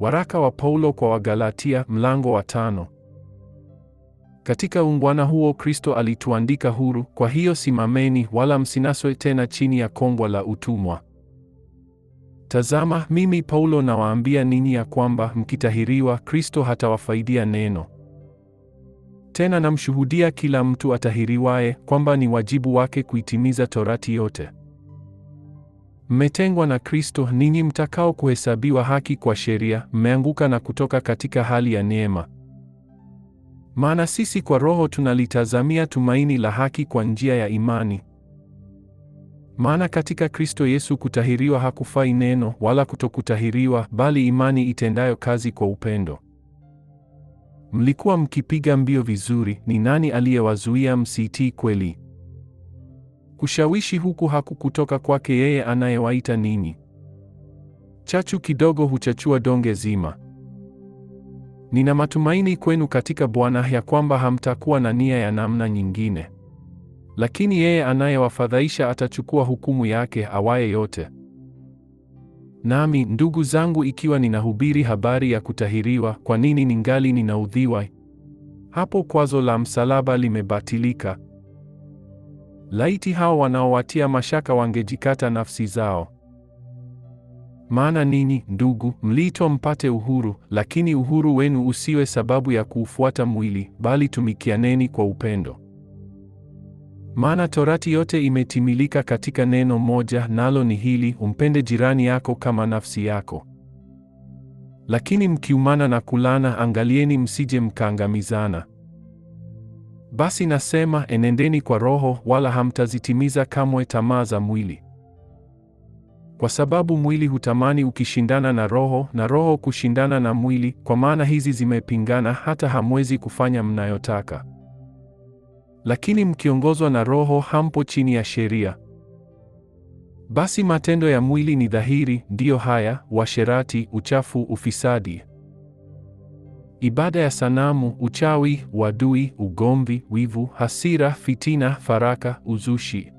Waraka wa Paulo kwa Wagalatia mlango wa tano. Katika ungwana huo Kristo alituandika huru, kwa hiyo simameni wala msinaswe tena chini ya kongwa la utumwa. Tazama, mimi Paulo nawaambia ninyi ya kwamba mkitahiriwa, Kristo hatawafaidia neno. Tena namshuhudia kila mtu atahiriwaye kwamba ni wajibu wake kuitimiza torati yote. Mmetengwa na Kristo, ninyi mtakao kuhesabiwa haki kwa sheria, mmeanguka na kutoka katika hali ya neema. Maana sisi kwa Roho tunalitazamia tumaini la haki kwa njia ya imani. Maana katika Kristo Yesu kutahiriwa hakufai neno wala kutokutahiriwa, bali imani itendayo kazi kwa upendo. Mlikuwa mkipiga mbio vizuri, ni nani aliyewazuia msiitii kweli? Kushawishi huku hakukutoka kwake yeye anayewaita ninyi. Chachu kidogo huchachua donge zima. Nina matumaini kwenu katika Bwana ya kwamba hamtakuwa na nia ya namna nyingine. Lakini yeye anayewafadhaisha atachukua hukumu yake awaye yote. Nami ndugu zangu, ikiwa ninahubiri habari ya kutahiriwa, kwa nini ningali ninaudhiwa? Hapo kwazo la msalaba limebatilika. Laiti hao wanaowatia mashaka wangejikata nafsi zao. Maana ninyi, ndugu, mliitwa mpate uhuru, lakini uhuru wenu usiwe sababu ya kuufuata mwili, bali tumikianeni kwa upendo. Maana torati yote imetimilika katika neno moja, nalo ni hili, umpende jirani yako kama nafsi yako. Lakini mkiumana na kulana, angalieni msije mkaangamizana. Basi nasema enendeni kwa Roho, wala hamtazitimiza kamwe tamaa za mwili, kwa sababu mwili hutamani ukishindana na Roho, na Roho kushindana na mwili, kwa maana hizi zimepingana, hata hamwezi kufanya mnayotaka. Lakini mkiongozwa na Roho, hampo chini ya sheria. Basi matendo ya mwili ni dhahiri, ndiyo haya: uasherati, uchafu, ufisadi ibada ya sanamu, uchawi, wadui, ugomvi, wivu, hasira, fitina, faraka, uzushi,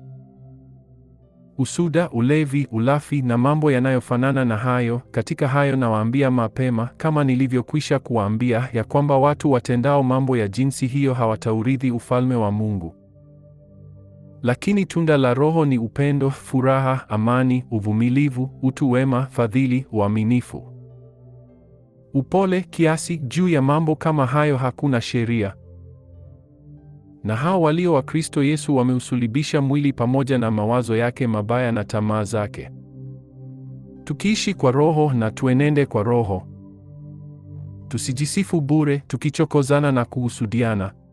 usuda, ulevi, ulafi na mambo yanayofanana na hayo. Katika hayo nawaambia mapema, kama nilivyokwisha kuwaambia, ya kwamba watu watendao mambo ya jinsi hiyo hawataurithi ufalme wa Mungu. Lakini tunda la Roho ni upendo, furaha, amani, uvumilivu, utu wema, fadhili, uaminifu upole kiasi juu ya mambo kama hayo hakuna sheria. Na hao walio wa Kristo Yesu wameusulibisha mwili pamoja na mawazo yake mabaya na tamaa zake. Tukiishi kwa Roho na tuenende kwa Roho. Tusijisifu bure tukichokozana na kuhusudiana.